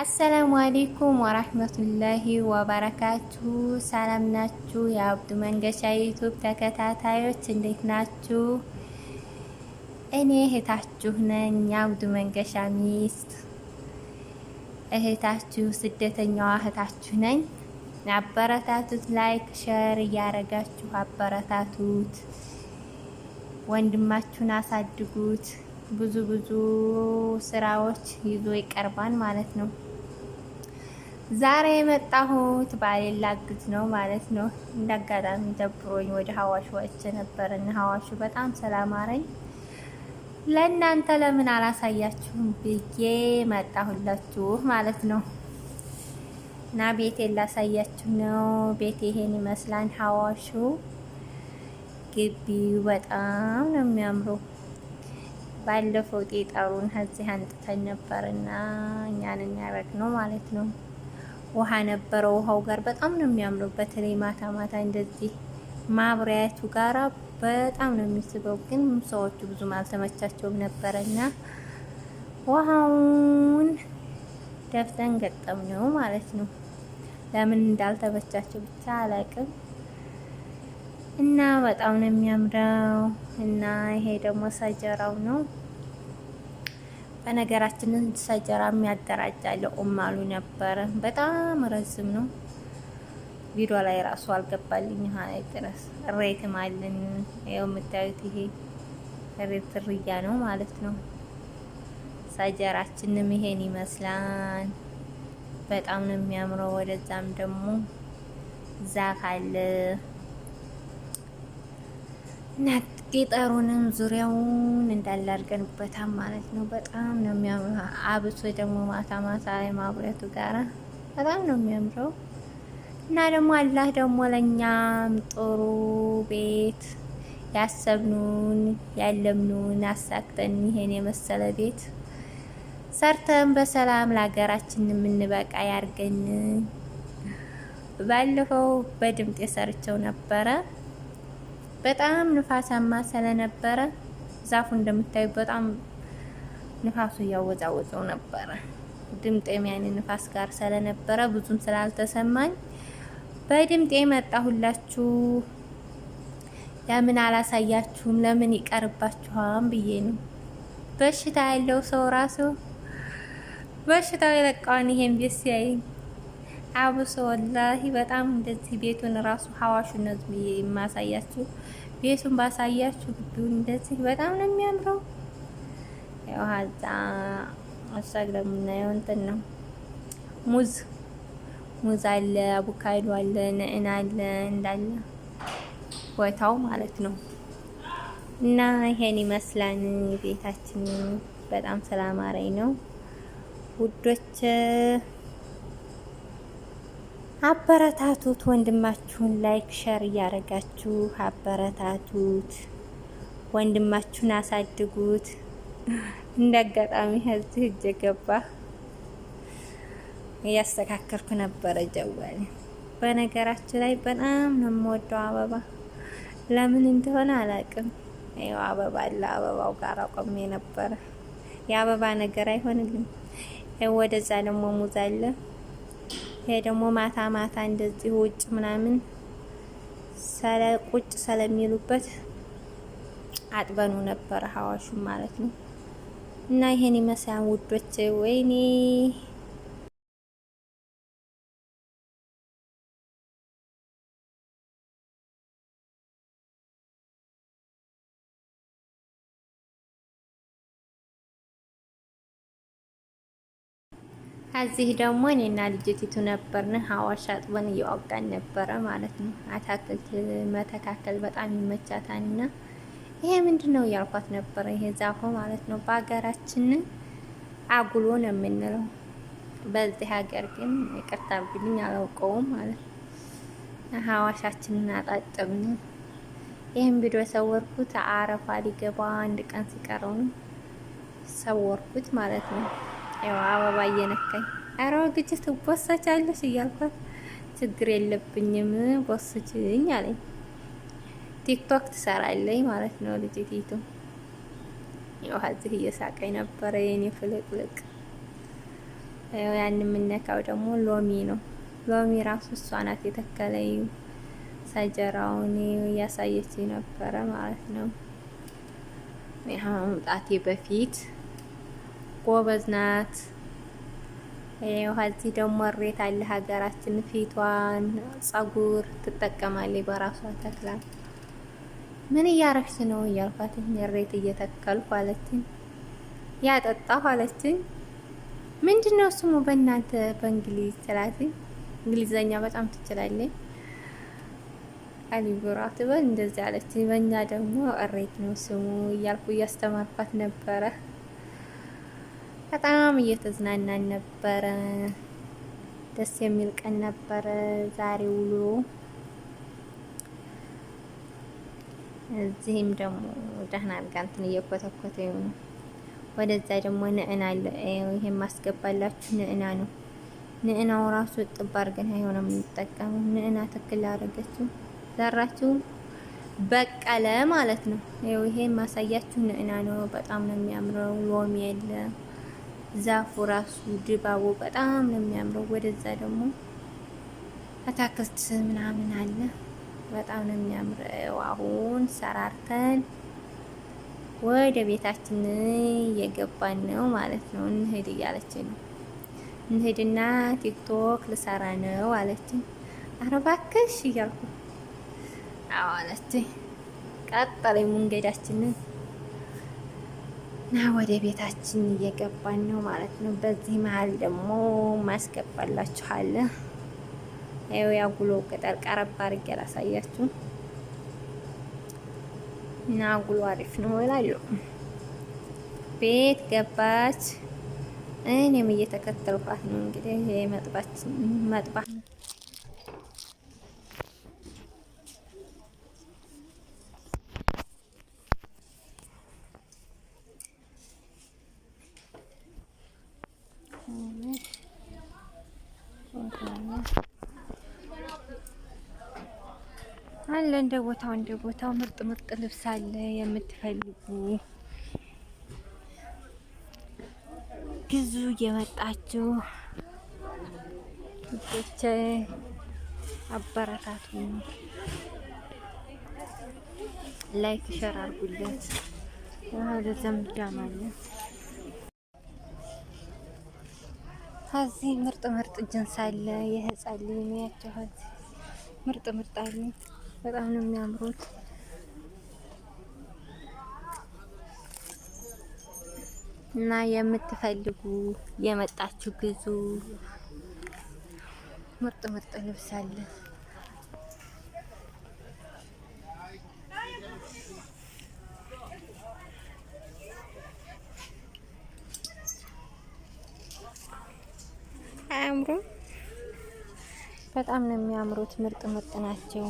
አሰላሙ አሌይኩም ወራህመቱላሂ ወበረካቱ። ሰላም ናችሁ? የአብዱ መንገሻ ዩቱብ ተከታታዮች እንዴት ናችሁ? እኔ እህታችሁ ነኝ፣ የአብዱ መንገሻ ሚስት እህታችሁ፣ ስደተኛዋ እህታችሁ ነኝ። አበረታቱት። ላይክ ሸር እያረጋችሁ አበረታቱት። ወንድማችሁን አሳድጉት። ብዙ ብዙ ስራዎች ይዞ ይቀርባል ማለት ነው። ዛሬ የመጣሁት ባሌን ላግዝ ነው ማለት ነው። እንደ አጋጣሚ ደብሮኝ ወደ ሀዋሹ ወጥቼ ነበር እና ሀዋሹ በጣም ሰላም አረኝ። ለእናንተ ለምን አላሳያችሁም ብዬ መጣሁላችሁ ማለት ነው። እና ቤቴ ላሳያችሁ ነው። ቤቴ ይሄን ይመስላል። ሀዋሹ ግቢው በጣም ነው የሚያምረው። ባለፈው ጤጠሩን ከዚህ አንጥተን ነበርና እኛን የሚያረግ ነው ማለት ነው። ውሃ ነበረው። ውሃው ጋር በጣም ነው የሚያምረው። በተለይ ማታ ማታ እንደዚህ ማብሪያቱ ጋራ በጣም ነው የሚስበው። ግን ሰዎቹ ብዙም አልተመቻቸውም ነበረ ውሃውን ደፍተን ገጠም ነው ማለት ነው። ለምን እንዳልተመቻቸው ብቻ አላቅም። እና በጣም ነው የሚያምረው። እና ይሄ ደግሞ ሰጀራው ነው። በነገራችንን ሰጀራ የሚያደራጃለ ኡማሉ ነበረ። በጣም ረዝም ነው። ቪዲዮ ላይ ራሱ አልገባልኝ ሀይ ድረስ ሬትም አለን። ያው የምታዩት ይሄ ሬት ርያ ነው ማለት ነው። ሰጀራችንም ይሄን ይመስላል። በጣም ነው የሚያምረው። ወደዛም ደግሞ ዛፍ አለ። እና ጌጠሩንም ዙሪያውን እንዳለ ማለት ነው። በጣም ነው የሚያምረው። አብሶ ደግሞ ማታ ማታ ላይ ማብረቱ ጋራ በጣም ነው የሚያምረው። እና ደግሞ አላህ ደግሞ ለእኛም ጥሩ ቤት ያሰብኑን ያለምኑን አሳክተን ይሄን የመሰለ ቤት ሰርተን በሰላም ለሀገራችን የምንበቃ ያርገን። ባለፈው በድምጤ ሰርቸው ነበረ በጣም ንፋሳማ ስለነበረ ዛፉ እንደምታዩ በጣም ንፋሱ እያወዛወዘው ነበረ። ድምጤም ያን ንፋስ ጋር ስለነበረ ብዙም ስላልተሰማኝ በድምጤ መጣሁላችሁ። ለምን አላሳያችሁም? ለምን ይቀርባችኋም ብዬ ነው። በሽታ ያለው ሰው ራሱ በሽታው የለቃውን ይሄን ቤት ሲያይ አብሶ ወላሂ በጣም እንደዚህ ቤቱን ራሱ ሀዋሹን ነው የማሳያችሁ። ቤቱን ባሳያችሁ ግቢውን እንደዚህ በጣም ነው የሚያምረው። ያው ሀዛ አሳግረም የምናየው እንትን ነው ሙዝ ሙዝ አለ፣ አቡካዶ አለ፣ ንዕን አለ፣ እንዳለ ቦታው ማለት ነው። እና ይሄን ይመስላል ቤታችን። በጣም ስላማረኝ ነው ውዶች አበረታቱት። ወንድማችሁን ላይክ ሸር እያደረጋችሁ አበረታቱት። ወንድማችሁን አሳድጉት። እንደ አጋጣሚ እዚህ እጄ ገባ እያስተካከልኩ ነበረ ጀዋል። በነገራችሁ ላይ በጣም ነው የምወደው አበባ፣ ለምን እንደሆነ አላውቅም። ይኸው አበባ አለ። አበባው ጋር አቆሜ ነበረ። የአበባ ነገር አይሆንልኝ። ወደዛ ደግሞ ሙዝ አለ። ይሄ ደግሞ ማታ ማታ እንደዚህ ውጭ ምናምን ሰለ ቁጭ ስለሚሉበት አጥበኑ ነበር ሀዋሹም ማለት ነው። እና ይሄን ይመስላል ውዶች፣ ወይኔ ከዚህ ደግሞ እኔና ልጅቲቱ ነበርን ሀዋሽ አጥበን እያወጋን ነበረ ማለት ነው። አታክልት መተካከል በጣም ይመቻታል እና ይሄ ምንድን ነው እያልኳት ነበረ። ይሄ ዛፎ ማለት ነው በሀገራችን አጉሎ ነው የምንለው፣ በዚህ ሀገር ግን ይቅርታ ብልኝ አላውቀውም ማለት ነው። ሀዋሻችንን አጣጥብን። ይህም ቪዲዮ የሰወርኩት አረፋ ሊገባ አንድ ቀን ሲቀረው ነው ሰወርኩት ማለት ነው። ያው አበባ እየነካኝ ኧረ ወግችስ ትቦሳቻለሽ እያልኳት ችግር የለብኝም ቦስችኝ አለኝ። ቲክቶክ ትሰራለኝ ማለት ነው ልጅ ቲቱ። እዚህ እየሳቀኝ ነበረ የኔ ፍልቅልቅ። ያው ያን የምነካው ደግሞ ሎሚ ነው። ሎሚ ራሱ እሷ ናት የተከለዩ ሰጀራውን እያሳየች ነበረ ማለት ነው መምጣቴ በፊት ጎበዝ ናት። እዚህ ደግሞ እሬት አለ ሀገራችን። ፊቷን ጸጉር ትጠቀማለች በራሷ ተክላ። ምን እያረግሽ ነው እያልኳት እሬት እየተከልኩ አለችኝ። ያጠጣሁ አለችኝ። ምንድን ነው ስሙ በእናንተ በእንግሊዝ ትላት። እንግሊዘኛ በጣም ትችላለች። አሊቡራ ትበል እንደዚህ አለችኝ። በእኛ ደግሞ እሬት ነው ስሙ እያልኩ እያስተማርኳት ነበረ። በጣም እየተዝናናን ነበረ። ደስ የሚል ቀን ነበረ ዛሬ ውሎ። እዚህም ደግሞ ደህና አልጋ እንትን እየኮተኮተ ነው። ወደዛ ደግሞ ንዕና አለ። ይሄ ማስገባላችሁ ንዕና ነው። ንዕናው ራሱ ጥብ አድርገን አይሆንም የምንጠቀመው። ንዕና ትክል አደረገችው ዘራችሁ በቀለ ማለት ነው። ይሄ ማሳያችሁ ንዕና ነው። በጣም ነው የሚያምረው። ሎሚ የለ ዛፉ ራሱ ድባቡ በጣም ነው የሚያምረው። ወደዛ ደግሞ አታክልት ምናምን አለ። በጣም ነው የሚያምረው። አሁን ሰራርተን ወደ ቤታችን እየገባን ነው ማለት ነው። እንሄድ እያለችን ነው። እንሄድና ቲክቶክ ልሰራ ነው አለችን። ኧረ እባክሽ እያልኩ አዎ አለች። መንገዳችንን እና ወደ ቤታችን እየገባን ነው ማለት ነው። በዚህ መሀል ደግሞ ማስገባላችኋል። ያው ያጉሎ ቅጠል ቀረብ አድርጌ አላሳያችሁም እና አጉሎ አሪፍ ነው ይላሉ። ቤት ገባች። እኔም እየተከተልኳት ነው እንግዲህ መጥባት አለ እንደ ቦታው እንደ ቦታው ምርጥ ምርጥ ልብስ አለ። የምትፈልጉ ግዙ እየመጣችሁ ልጆቼ አበረታቱ። ላይክ ሸር አድርጉለት። ወደ ዘምዳም እዚህ ምርጥ ምርጥ ጅንስ አለ። የህፃን የሚያቸኋት ምርጥ ምርጥ አለ። በጣም ነው የሚያምሩት። እና የምትፈልጉ የመጣችሁ ግዙ። ምርጥ ምርጥ ልብስ አለ። አያምሩም? በጣም ነው የሚያምሩት። ምርጥ ምርጥ ናቸው።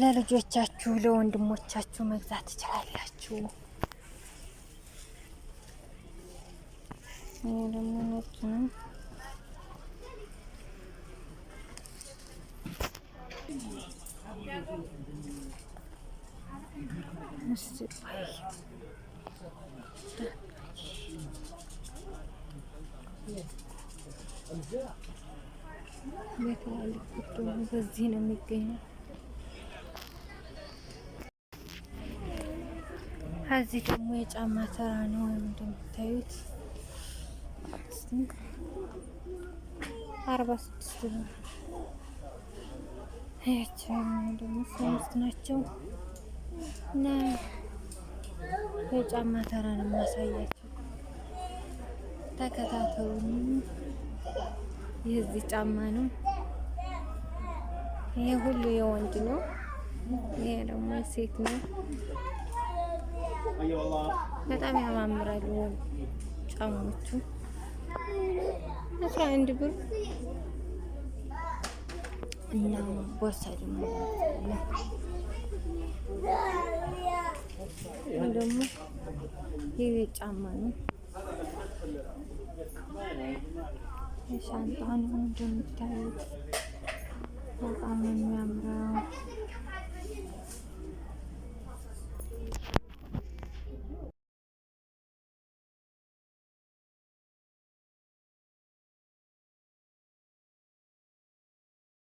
ለልጆቻችሁ ለወንድሞቻችሁ መግዛት ትችላላችሁ። ይሄ ደግሞ ነጭ ነው። በትላልቅ ደግሞ በዚህ ነው የሚገኘው። ከዚህ ደግሞ የጫማ ተራ ነው እንደምታዩት አርባ ስድስት ብር ያቸው ደግሞ ሶስት ናቸው እና የጫማ ተራ ነው የማሳያቸው። ተከታተሉኝ። ይህ እዚህ ጫማ ነው። ይሄ ሁሉ የወንድ ነው። ይሄ ደግሞ ሴት ነው። በጣም ያማምራሉ ጫማዎቹ። አስራ አንድ ብር እና ቦርሳ ደግሞ ደግሞ ይህ ጫማ ነው። Ay, santahan ng Junta. Huwag ang membrane.